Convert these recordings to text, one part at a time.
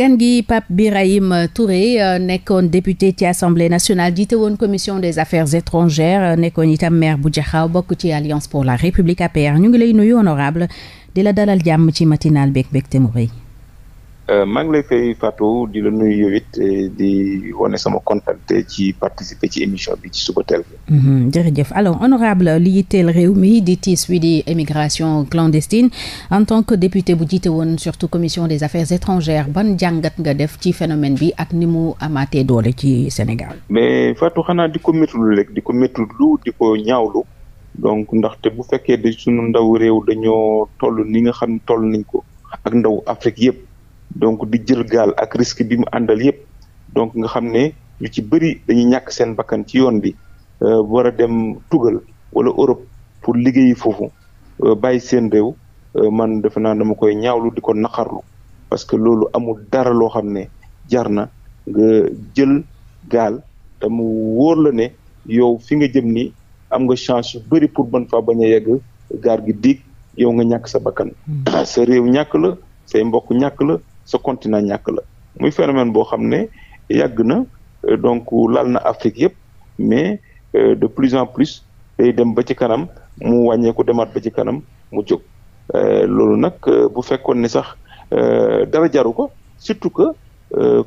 gan gi Pape Birahim Touré euh, nekkoon député ci assemblée nationale jiite woon commission des affaires étrangères euh, nekkoon itam maire bu Jaxaaw bokk ci alliance pour la république APR ñu ngi lay nuyu honorable di la dalal jàmm ci matinal beeg beeg te Euh, maa ngi lay fay di la nuyu yow eh, di wane sama contacté ci participer ci émission bi ci suba teel. Mhm, jërëjëf réew mi di tiis wi di émigration clandestine en tant que député bu jiite woon surtout commission des affaires étrangères ban jàngat nga def ci phénomène bi ak ni mu amaatee doole ci Sénégal. mais Fatou xanaa di ko méttiwul rek di ko méttiwul di ko ñaawlu. donc ndaxte bu fekkee de suñu ndaw réew dañoo toll ni nga xam toll nañ ko ak ndaw Afrique yëpp donc di jël gaal ak risque bi mu àndal yépp donc nga xam ne ñu ci bëri dañuy ñàkk seen bakkan ci yoon bi euh, war a dem tugal wala Europe pour liggéeyi foofu euh, bàyyi seen réew euh, man defe naa dama koy ñaawlu di ko naqarlu parce que loolu amul dara loo xam ne jar na nga jël gaal te mu wóor ne yow fi nga jëm ni am nga chance yu bëri pour mën faa bañ yegg gaal gi diig yow nga ñàkk sa bakkan hmm. sa réew ñàkk la say mbokk ñàkk la sa continent ñàkk la muy phénomène boo xam ne yàgg na euh, donc laal na Afrique yëpp mais euh, de plus en plus day dem ba ci kanam mu wàññeeku demaat ba ci kanam mu jóg euh, loolu nag bu fekkoon ne sax dara jaru ko surtout que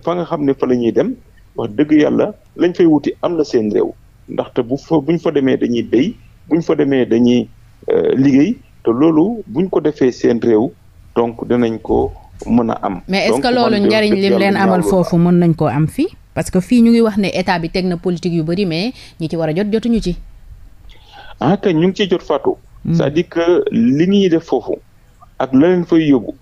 fa nga xam ne fa la ñuy dem wax dëgg yàlla lañ fay wuti am na seen réew ndaxte bu fa bu ñu fa demee dañuy béy bu ñu fa demee dañuy liggéey te loolu buñ ko defee seen réew donc de nañ ko mën a am. mais est-ce que loolu njariñ lim leen amal foofu mën nañ koo am fii. parce que fii ñu ngi wax ne état bi teg na politique yu bëri mais ñi ci war a jot jotuñu ci. ah kay ñu ngi ciy jot Fatou. Hmm. cest à li ñuy def foofu. ak la leen fay yóbbu.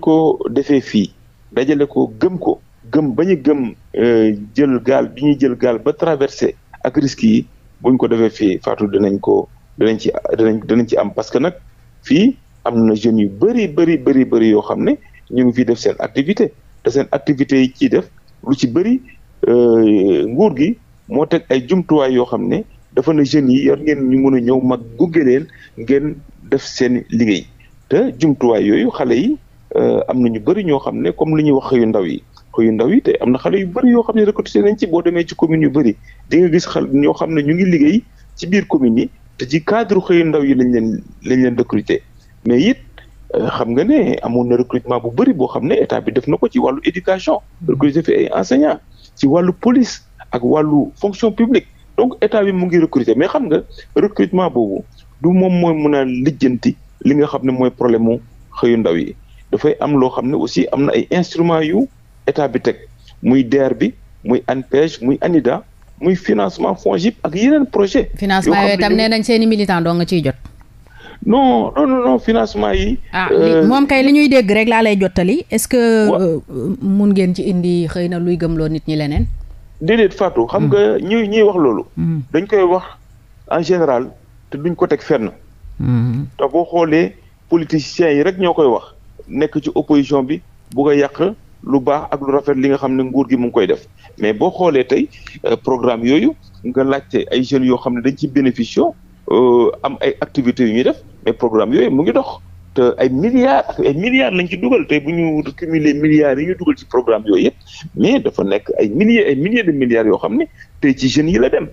ko defee fii. dajale ko gëm ko. gëm ba ñu gëm euh, jël gaal bi jël gaal ba traversé. ak risques yi buñ ko defee fii Fatou dinañ ko dinañ ci dinañ dinañ ci am parce que nag fii am na jeunes yu bëri bëri bëri bëri yoo xam ne. ñu ngi fiy def seen activité seen activité yi ciy def lu ci bëri euh, nguur gi moo teg ay jumtuwaay yoo xam ne dafa na jeunes yi yor ngeen ñu mën a ñëw mag gunge leen ngeen def seen liggéey te jumtuwaay yooyu xale yi euh, am na ñu bëri ñoo xam ne comme lu ñuy wax xëyu ndaw yi xëyu ndaw yi te am na xale yu bari yoo xam ne recruté nañ ci boo demee ci commune yu bëri di nga gis ñoo xam ne ñu ngi liggéey ci biir commune yi te ci cadre xëyu ndaw yi lañ leen lañ leen recruté mais it Euh, xam nga ne amoon na recrutement bu bëri boo xam ne état bi def na ko ci wàllu éducation hmm. recruter fi ay enseignants ci wàllu police ak wàllu fonction publique donc état bi mu ngi recruter mais xam nga recrutement boobu du moom mooy mun a lijjanti li nga xam ne mooy problème mu xëyu ndaw yi dafay am loo xam ne aussi am na ay instruments yu état bi teg muy DER bi muy ANPEJ muy ANIDA muy financement FONGIP ak yeneen projet. financement yooyu tam nee nañ seen i militant doo nga ciy jot. non non non financement yi. ah euh, moom kay li ñuy dégg rek laa lay jottali est-ce que. Euh, mun ngeen ci indi xëy na luy gëm loo nit ñi leneen. déedéet Fatou xam hmm. nga ñuy ñuy wax loolu. Hmm. dañ koy wax en général te duñ ko teg fenn. Hmm. te boo xoolee politiciens yi rek ñoo koy wax. nekk ci opposition bi bugg a yàq lu baax ak lu rafet li nga xam ne nguur gi mu ngi koy def mais boo xoolee tey euh, programme yooyu nga laajte ay jeunes yoo xam ne dañ ci bénéficier Euh, am ay activités yu ñuy def mais programme yooyu mu ngi dox te ay milliards ak lañ ci dugal te bu ñu cumuler milliards yi ñu dugal ci programme yooyu yëpp mais dafa nekk ay milliers ay milliers de milliards yoo xam ne tey ci jeunes yi la dem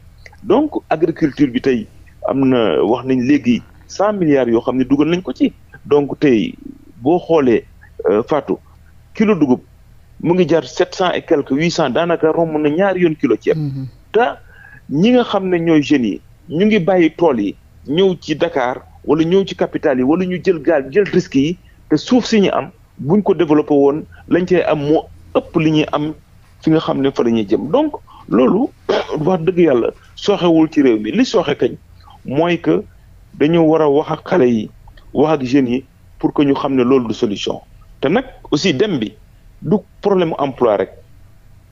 donc agriculture bi tey am na wax nañ léegi cent milliards yoo xam ne dugal nañ ko ci donc tey boo xoolee euh, Fatou kilo dugub mu ngi jar sept cent et quelques huit cent daanaka romb na ñaari yoon kilo ceeb mm-hmm. ta ñi nga xam ne ñooy jeunes yi ñu ngi bàyyi tool yi ñëw ci dakaar wala ñëw ci capital yi wala ñu jël gaal jël risques yi te suuf si ñu am buñ ko développé woon lañ cay am moo ëpp li ñuy am fi nga xam ne fa la jëm donc loolu wax dëgg yàlla sooxewul ci réew mi li sooxe kañ mooy que dañoo war a wax ak xale yi wax ak jeunes yi pour que ñu xam ne loolu du solution te nag aussi dem bi du problème emploi rek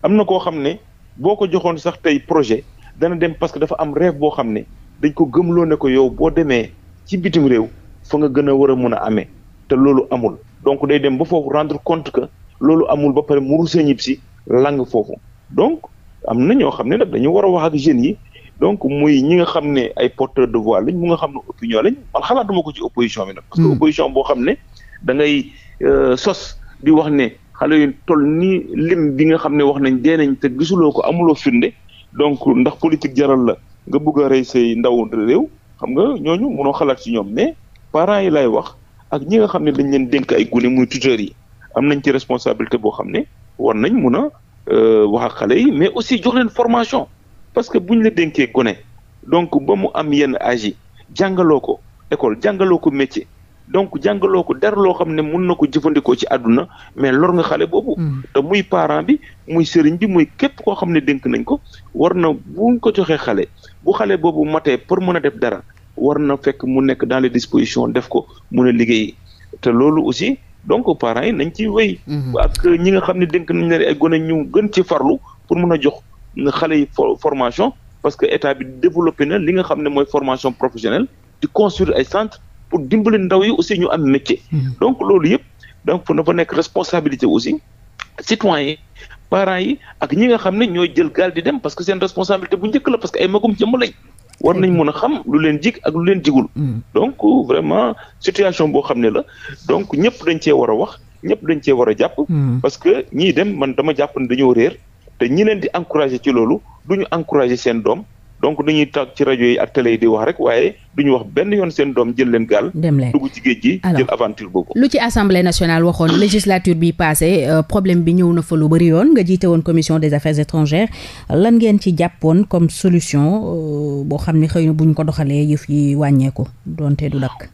am na koo xam ne boo ko joxoon sax tey projet dana dem parce que dafa am rêve boo xam ne dañ ko gëmloo ne ko yow boo demee ci bitim réew foo nga gën a war a mun a amee te loolu amul donc day dem ba foofu rendre compte que loolu amul ba pare mu rusee ñib si lang foofu donc am na ñoo xam ne nag dañoo war a wax ak jeunes yi donc muy ñi nga xam ne ay porteur de voix lañ mu nga xam ne opinion lañ man xalaatuma ko ci opposition bi nag. parce que hmm. opposition boo xam ne da ngay euh, sos di wax ne xale yu toll ni lim bi nga xam ne wax nañ dee te gisuloo ko amuloo firnde. donc ndax politique jaral la nga bëgg a rey say ndaw réew xam nga ñooñu mënoo xalaat ci ñoom mais parents yi lay wax ak ñi nga xam ne dañ leen dénk ay gune muy tuteurs yi am nañ ci responsabilité boo xam ne war nañ mun a euh, wax ak xale yi mais aussi jox leen formation parce que buñ la dénkee gone donc ba mu am yenn âge jàngaloo ko école jàngaloo ko métier donc jàngaloo ko dara loo xam ne mun na ko jëfandikoo ci àdduna mais lor nga xale boobu. Mm. te muy parent bi muy sëriñ bi muy képp koo xam ne dénk nañ ko war na buñ ko joxee xale bu xale boobu matee pour mën a def dara war na fekk mu nekk dans les disposition def ko mun a liggéey te loolu aussi. donc parent yi nañ ciy wéy. Mm-hmm. ak ñi nga xam ne dénk nañ leen ay gone ñu gën ci farlu pour mun a jox xale yi formation parce que état bi développé na li nga xam ne mooy formation professionnelle di construire ay centre pour dimbali ndaw yi aussi ñu am métier. Mhm. donc loolu yëpp donc dafa nekk responsabilité aussi citoyen yi parents yi ak ñi nga xam ne ñooy jël gaal di dem parce que seen responsabilité bu njëkk la que ay magum jëmm lañ. war nañ mën a xam lu leen jig ak lu leen jigul. Mhm. donc vraiment situation boo xam ne la donc ñëpp dañ cee war a wax ñëpp dañ cee war a jàpp. Mhm. parce que ñii dem man tama jàpp ne dañoo réer te ñi leen di encourager ci loolu du ñu encourager seen doom. donc dañuy toog ci rajo yi ak télé yi di wax rek waaye duñu wax benn yoon seen doom jël leen gaal. dem leen dugg ci géej gi jël aventure boobu. lu ci assemblée nationale waxoon législature bi passé euh, problème bi ñëw na fa lu bëri yoon nga jiite woon commission des affaires étrangères lan ngeen ci jàppoon comme solution euh, boo xam ni xëy na buñ ko doxalee yëf yi wàññeeku doonte du dakk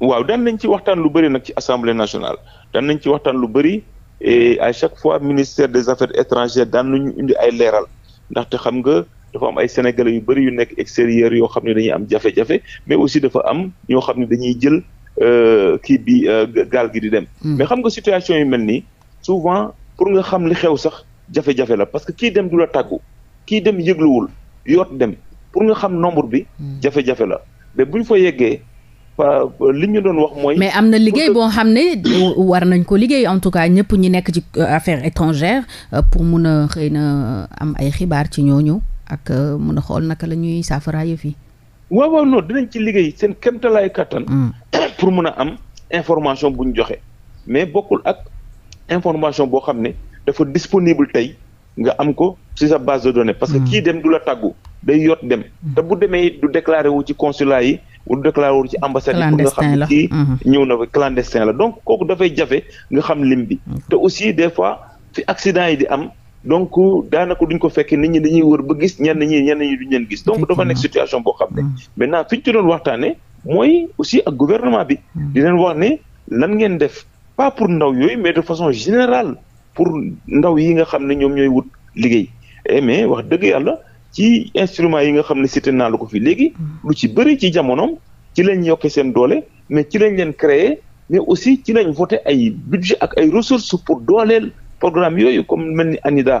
waaw daan nañ ci waxtaan lu bëri nag ci assemblée nationale daan nañ ci waxtaan lu bëri et chaque fois ministère des affaires étrangères daan nañu indi ay leeral ndaxte xam nga. dafa am ay sénégalais yu bëri yu nekk extérieur yoo xam ne dañuy am jafe-jafe mais aussi dafa am ñoo xam ne dañuy jël euh, kii bi euh, gaal gi di dem. Hmm. mais xam nga situation yu mel nii souvent pour nga xam li xew sax jafe-jafe la parce que kii dem du la tàggu kii dem yëgluwul yoot dem pour nga xam nombre bi. Hmm. jafe-jafe la mais ñu fa yeggee. li ñu doon wax mooy. mais am na liggéey boo xam ne war nañ ko liggéey en tout cas ñëpp ñi nekk ci euh, affaires étrangères pour mun a xëy na am ay xibaar ci ñooñu. ak euh, mun a xool naka la ñuy saafara yëf yi. waaw waaw non dinañ ci liggéey seen kéemtalaay kattan. Mm. pour mun a am information bu ñu joxe mais bokkul ak information boo xam ne dafa disponible tey nga am ko ci sa base de données. parce que mm. kii dem du la tàggu day yot dem. Mm. te bu demee du déclaré wu ci consulat yi. wala déclaré wu ci ambassade yi pour nga xam ne kii mm-hmm. ñëw na fa clandestin la donc kooku dafay jafe nga xam lim bi. te aussi des fi accident yi di am. donc daanaka duñ ko fekkee nit ñi dañuy wër ba gis ñenn ñi ñenn ñi duñ leen gis. donc dafa nekk situation boo xam ne. Hmm. maintenant fi ñu ci doon waxtaanee mooy aussi ak gouvernement bi. Hmm. di leen wax ne nan ngeen def pas pour ndaw yooyu mais de façon générale pour ndaw yi nga xam ne ñoom ñooy wut liggéey eh, mais wax dëgg yàlla ci instruments yi nga xam ne cité naa la ko fi léegi. Hmm. lu ci bëri ci jamonoom ci lañ yokkee seen doole mais ci lañ leen créer mais aussi ci lañ voté ay budget ak ay ressources pour dooleel. programme yooyu comme lu mel ni ANIDA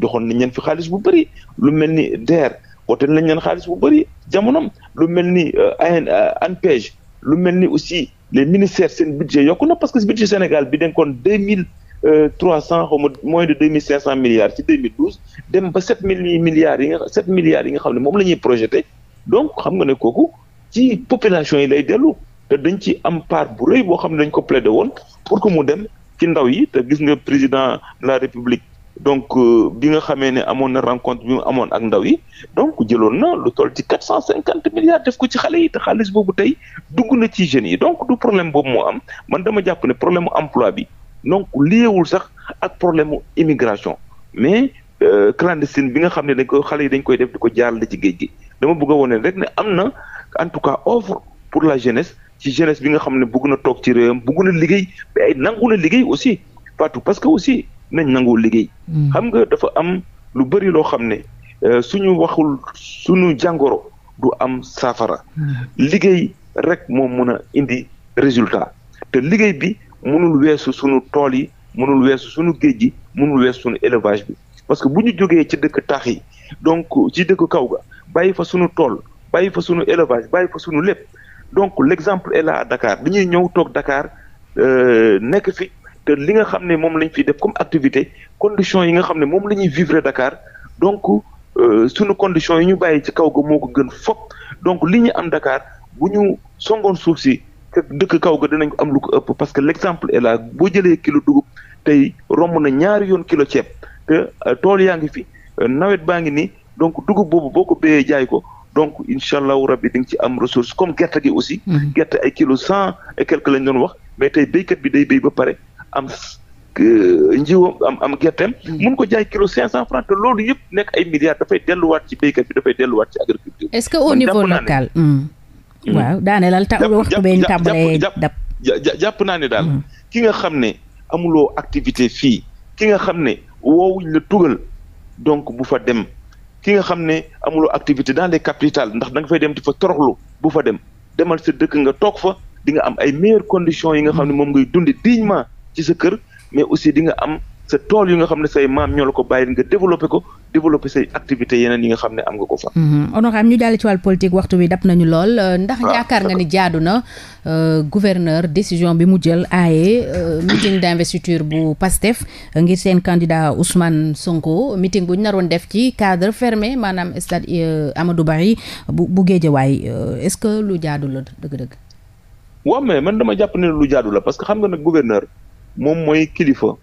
joxoon nañ leen fi xaalis bu bëri lu mel ni DER wote nañ leen xaalis bu bëri jamonoom lu mel ni euh, euh, ANPEJ lu mel ni aussi les ministères seen budget yokku na parce que budget Sénégal bi denkoon deux mille euh, trois cent xaw ma moins de deux mille cinq cent milliards ci deux mille douze dem ba sept mille milliards yi nga xam ne moom la ñuy projeté donc xam nga ne kooku ci population yi lay dellu te dañ ci am part bu rëy boo xam ne dañ ko plaidé woon pour que mu dem ci ndaw yi te gis nga président de la république donc euh, bi nga xamee ne amoon na rencontre bi amoon ak ndaw yi donc jëloon na lu toll ci quatre cent cinquante milliards def ko ci xale yi te xaalis boobu tey dugg na ci jeunes yi donc du problème boobu moo am man dama jàpp ne problème mu emploi bi donc liyeewul sax ak problème mu immigration mais euh, clandestine bi nga xam ne dañ ko xale yi dañ koy def di ko jaarale ci géej gi dama bëgg a rek ne am na en tout cas offre pour la jeunesse. ci jeunesse bi nga xam ne bëgg na toog ci réewam bëgg na liggéey ay nangu na liggéey aussi Fatou parce que aussi nañ nangoo liggéey. Mm. xam nga dafa am lu bëri loo xam ne euh, suñu waxul suñu jàngoro du am saafara. Mm. liggéey rek moom mun a indi résultat te liggéey bi mënul weesu suñu tool yi mënul weesu sunu géej gi mënul weesu suñu élevage bi parce que bu ñu jógee ci dëkk taax yi donc ci dëkk kaw ga bàyyi fa sunu tool bàyyi fa sunu élevage bàyyi fa suñu lépp. donc l'exemple et la à Dakar dañuy ñëw toog Dakar euh, nekk fi te li nga xam ne moom lañ fi def comme activité condition yi nga xam ne moom la ñuy vivre Dakar donc euh, suñu condition yi ñu bàyyi ci kaw ga moo ko gën fop donc li ñu am Dakar bu ñu songoon suuf si dëkk kaw ga dinañ ko am lu ko ëpp parce que l'exemple et la boo jëlee kilo dugub tey romb na ñaari yoon kilo ceeb te euh, tool yaa ngi fi nawet baa ngi nii donc dugub boobu boo ko béyee jaay ko donc incha allahu rabbi di nga ci am ressource comme gerte gi aussi. Mhm. gerte ay kilo cent et quelque lañ doon wax mais tey béykat bi day béy ba pare am njiwam am am gerteem. Mhm. mun ko jaay kilo cinq cent franc te loolu yëpp nekk ay milliards dafay delluwaat ci béykat bi dafay ci agriculture. est-ce que au niveau local. Mm. Hmm. waaw laal ta waxtu bee ñu tàmbalee dab jàpp naane ne daal. Hmm. ki nga xam ne amuloo activité fii ki nga xam ne woowuñ la tugal donc bu fa dem. ki nga xam ne amuloo activité dans les capitales ndax da nga dem di fa toroxlu bu fa dem demal sa dëkk nga toog fa di nga am ay meilleures conditions yi nga xam ne moom ngay dundi dignement ci sa kër mais aussi di nga am sa tool yi nga xam ne say maam ñoo la ko bàyyi nga développé ko développé say activité yeneen yi nga xam ne am nga ko fa. Mhm. honorable ñu jàll ci wàllu politique waxtu wi dab nañu lool. Euh, ndax yaakaar nga ni jaadu na euh, gouverneur décision bi mu jël aaye euh, meeting d'investiture bu PASTEF ngir seen candidat Ousmane Sonko meeting bu ñu naroon def ci cadre fermé maanaam stade Amadou Barry bu bu Guédiawaye est-ce que lu jaadu la dëgg-dëgg. waaw man dama jàpp ne lu jaadu la parce que xam nga nag gouverneur moom mooy kilifa.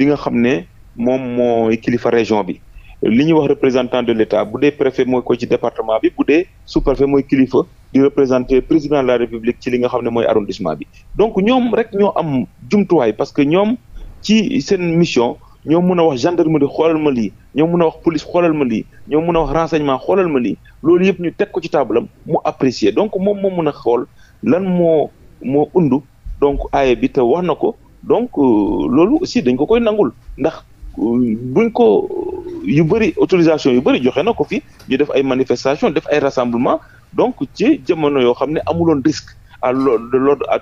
li nga xam ne moom mooy kilifa région bi li ñuy wax représentant de l'État bu dee préfet mooy ko ci département bi bu dee sous-préfet mooy kilifa di représenter président de la République ci li nga xam ne mooy arrondissement bi donc ñoom rek ñoo am jumtuwaay parce que ñoom ci seen mission ñoo mën a wax ma gendarmerie xoolal ma lii ñoom mun a wax police xoolal ma li ñoo mën a wax renseignement xoolal ma lii loolu yëpp ñu teg ko ci taabalam mu apprécier donc moom moo mën a xool lan moo moo undu donc aaye bi te wax na ko donc euh, loolu aussi dañ ko koy nangul ndax euh, buñ ko euh, yu bëri autorisation yu bëri joxe na ko fi ñu def ay manifestation def ay rassemblement donc ci jamono yoo xam ne amuloon risque à de l'ordre à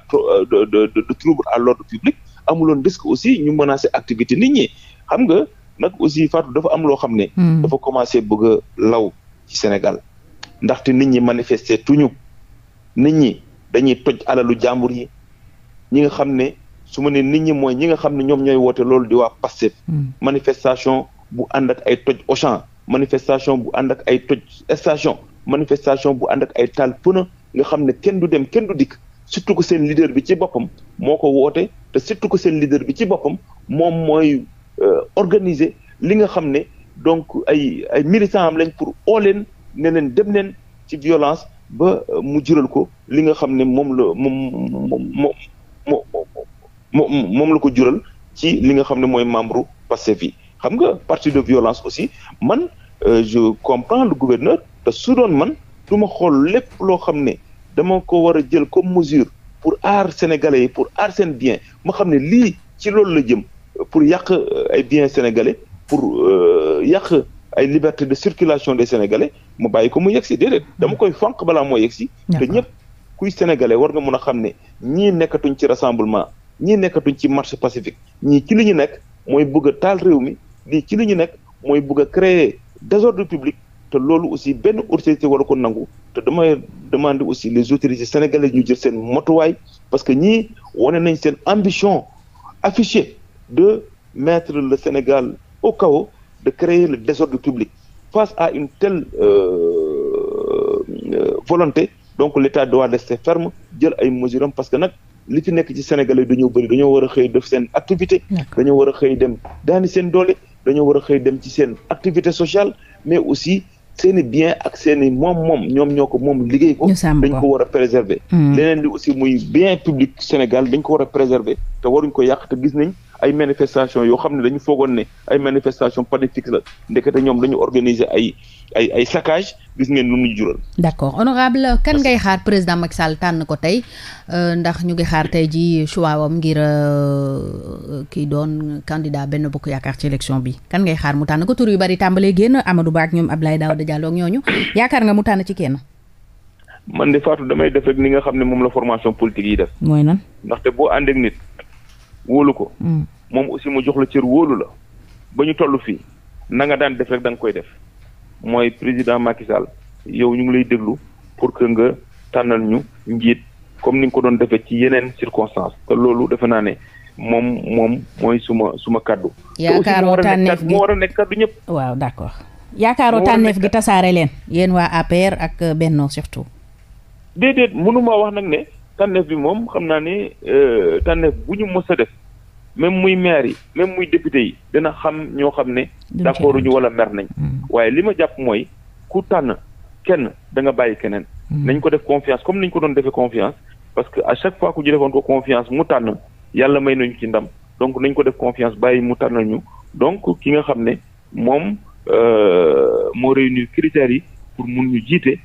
de de trouble à l'ordre public amuloon risque aussi ñu menacer activité nit ñi xam nga nag aussi Fatou dafa am loo xam ne hmm. dafa commencé bëgg a law ci Sénégal ndaxte nit ñi manifester tuñu nit ñi dañuy toj alalu jàmbur yi ñi xam ne su ma ne nit ñi mooy ñi nga xam ne ñoom ñooy woote loolu di waa Pastef hmm. manifestation bu ànd ak ay toj Auchan manifestation bu ànd ak ay toj station manifestation bu ànd ak ay taal pneu nga xam ne kenn du dem kenn du dikk surtout que seen leader bi ci boppam moo ko woote te surtout que seen leader bi ci boppam moom mooy euh, organiser li nga xam ne donc ay ay militants am lañ pour oo leen ne leen dem leen ci violence ba euh, mu jural ko li nga xam ne moom la moom moom moo moom la ko jural ci li nga xam ne mooy membre Pastef yi xam nga partie de violence aussi man euh, je comprends le gouverneur te su doon man du ma xool lépp loo xam ne dama ko war a jël comme mesure pour aar sénégalais yi pour aar seen bien ma xam ne lii ci loolu la jëm pour yàq euh, ay biens sénégalais pour euh, yàq ay liberté de circulation des sénégalais ma bàyyi ko mu yegsi déedéet dama koy fànq bala mooy yegsi te ñëpp kuy sénégalais war nga mun a xam ne ñii nekkatuñ ci rassemblement ñii nekkatuñ ci marché pacifique ñii ci lu ñu nekk mooy bëgg taal réew mi lii ci li ñu nekk mooy bëgg a créer désordre public te loolu aussi benn autorité war ko nangu te damay demander aussi les autorités sénégalaises ñu jël seen motuwaay parce que ñii wane nañ seen ambition affichée de mettre le Sénégal au kaw de créer le désordre public face à une telle euh, euh, volonté donc l'État doit rester ferme jël ay mesures parce que nag li fi nekk ci Sénégal yi dañoo bëri dañoo war a xëy def seen activité dañoo war a xëy dem daani seen doole dañoo war a xëy dem ci seen activité sociale mais aussi seeni bien ak seeni moom moom ñoom ñoo ko moom liggéey ko dañ ko war a préserver hmm. leneen aussi muy bien public Sénégal dañ ko war a préserver te waruñ ko yàq te gis nañ ay manifestation yoo xam ne dañu foogoon ne ay manifestation politique la ndekete ñoom dañu organiser ay ay saccage gis ngeen lu muy jural. d'accord honorable kan ngay xaar président Macky Sall tànn ko tey euh, ndax ñu ngi xaar tey ji choix wam ngir euh, kii doon candidat benn bokk yaakaar ci élection bi kan ngay xaar mu tànn ko tur yu bari tàmbalee génn Amadou Ba ak ñoom Abdoulaye Daouda Diallo ak ñooñu yaakaar nga mu tànn ci kenn. man de Fatou damay def ni nga xam ne moom la formation politique yi def. mooy nan ndaxte boo ànd wóolu ko. Mm. moom aussi mu jox la cër wóolu la ba ñu toll fii na nga daan def rek da nga koy def mooy président Macky Sall yow ñu ngi lay déglu pour que nga tànnal ñu njiit comme ni nga ko doon defee ci yeneen circonstances te loolu defe naa ne moom moom mooy suma suma kaddu. yaakaaroo tànneef gi moo war a nekk kaddu ñëpp. waaw d'accord yaakaaroo tànneef gi tasaare leen. yéen waa APR ak benn surtout. déedéet mënuma wax nag ne. tànneef bi moom xam naa ne euh, tànneef bu ñu mës a def même muy maire yi même muy député yi dina xam ñoo xam ne d'accord ñu wala mer nañ hmm. waaye li ma jàpp mooy ku tànn kenn danga bàyyi keneen hmm. nañ ko def confiance comme niñ ko doon defee confiance parce que à chaque fois ku ñu defoon ko confiance mu tànn yàlla may nañu ci ndam donc nañ ko def confiance bàyyi mu tànnal ñu donc ki nga xam ne moom euh, moo réunir critères yi pour mun ñu jiite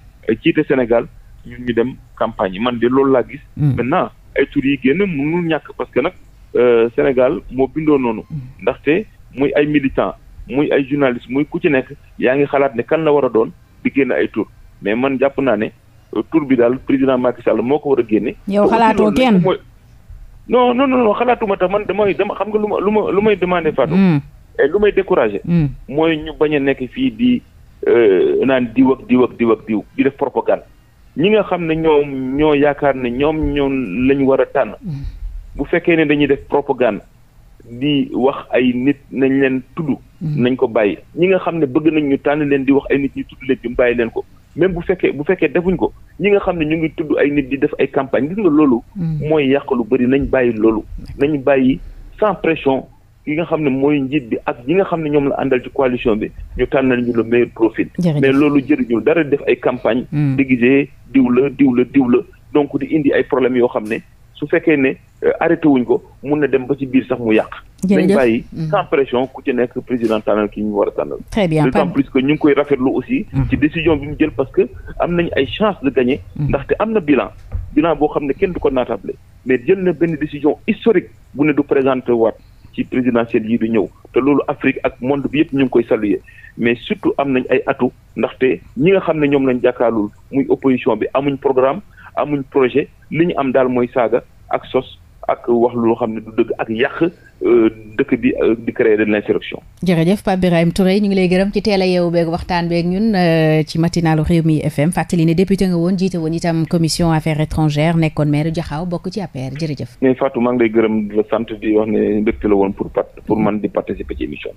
jiite Sénégal ñun ñu dem campagne yi man de loolu laa gis. Hmm. maintenant ay tur yi génn mënul ñàkk parce que nag euh, Sénégal moo bindoo noonu. Hmm. ndaxte muy ay militant muy ay journaliste muy ku ci nekk yaa ngi xalaat ne kan la war a doon di génn ay tour mais man jàpp naa ne euh, tour bi daal président Macky Sall moo ko war a génne. yow xalaatoo kenn non no non xalaatuma tax man damay dama xam nga lu ma lu ma lu may demande Fatou. Hmm. lu may découragé. mooy ñu bañ a nekk fii di euh, naan diw ak diw ak diw ak di def propagande. ñi nga xam ne ñoom ñoo yaakaar ne ñoom ñoom lañ war a tànn mm. bu fekkee ne dañuy def propagande di wax ay nit nañ leen tudd mm. nañ ko bàyyi ñi nga xam ne bëgg nañ ñu tànn leen di wax ay nit ñu tudd leen ñu bàyyi leen ko même bu fekkee bu fekkee defuñ ko ñi nga xam ne ñu ngi tudd ay nit di def ay campagne gis nga loolu mm. mooy yàq lu bëri nañ bàyyi loolu nañ bàyyi sans pression ki nga xam ne mooy njiit bi ak ñi nga xam ne ñoom la àndal ci coalition bi ñu tànnal ñu le meilleur profil mais loolu jëriñul dara def ay campagne hmm. déguisé diw la diw la diw la donc di indi ay problèmes yoo xam ne su fekkee ne euh, arrêté wuñ ko mun na dem ba ci biir sax mu yàq dañ bàyyi hmm. sans ku ci nekk président tànnal ki ñu war a tànnal très bien d'autant plus que ñu ngi koy rafetlu aussi hmm. ci décision bi mu jël parce que am nañu ay chance de gagner ndaxte am na bilan bilan boo xam ne kenn du ko naatable mais jël na benn décision historique bu ne du présenté ci présidentielle yi du ñëw te loolu Afrique ak monde bi yëpp ñu ngi koy saluer mais surtout am nañ ay atu ndaxte ñi nga xam ne ñoom lañ jàkkaarlul muy opposition bi amuñ programme amuñ projet li ñu am daal mooy saaga ak sos ak wax lu xam ne du dëgg ak yàq euh, dëkk bi euh, di créer de l'insurrection. jërëjëf Pape Birahim ñu ngi lay gërëm ci teel a yeewu beeg waxtaan beek ñun euh, ci matinalu Rewmi FM fàttali ne député nga woon jiite woon itam commission affaires étrangères nekkoon maire Diakhao bokk ci APR jërëjëf. mais Fatou maa ngi lay gërëm di la sant di wax ne mbégte la woon pour pour man di participer ci émission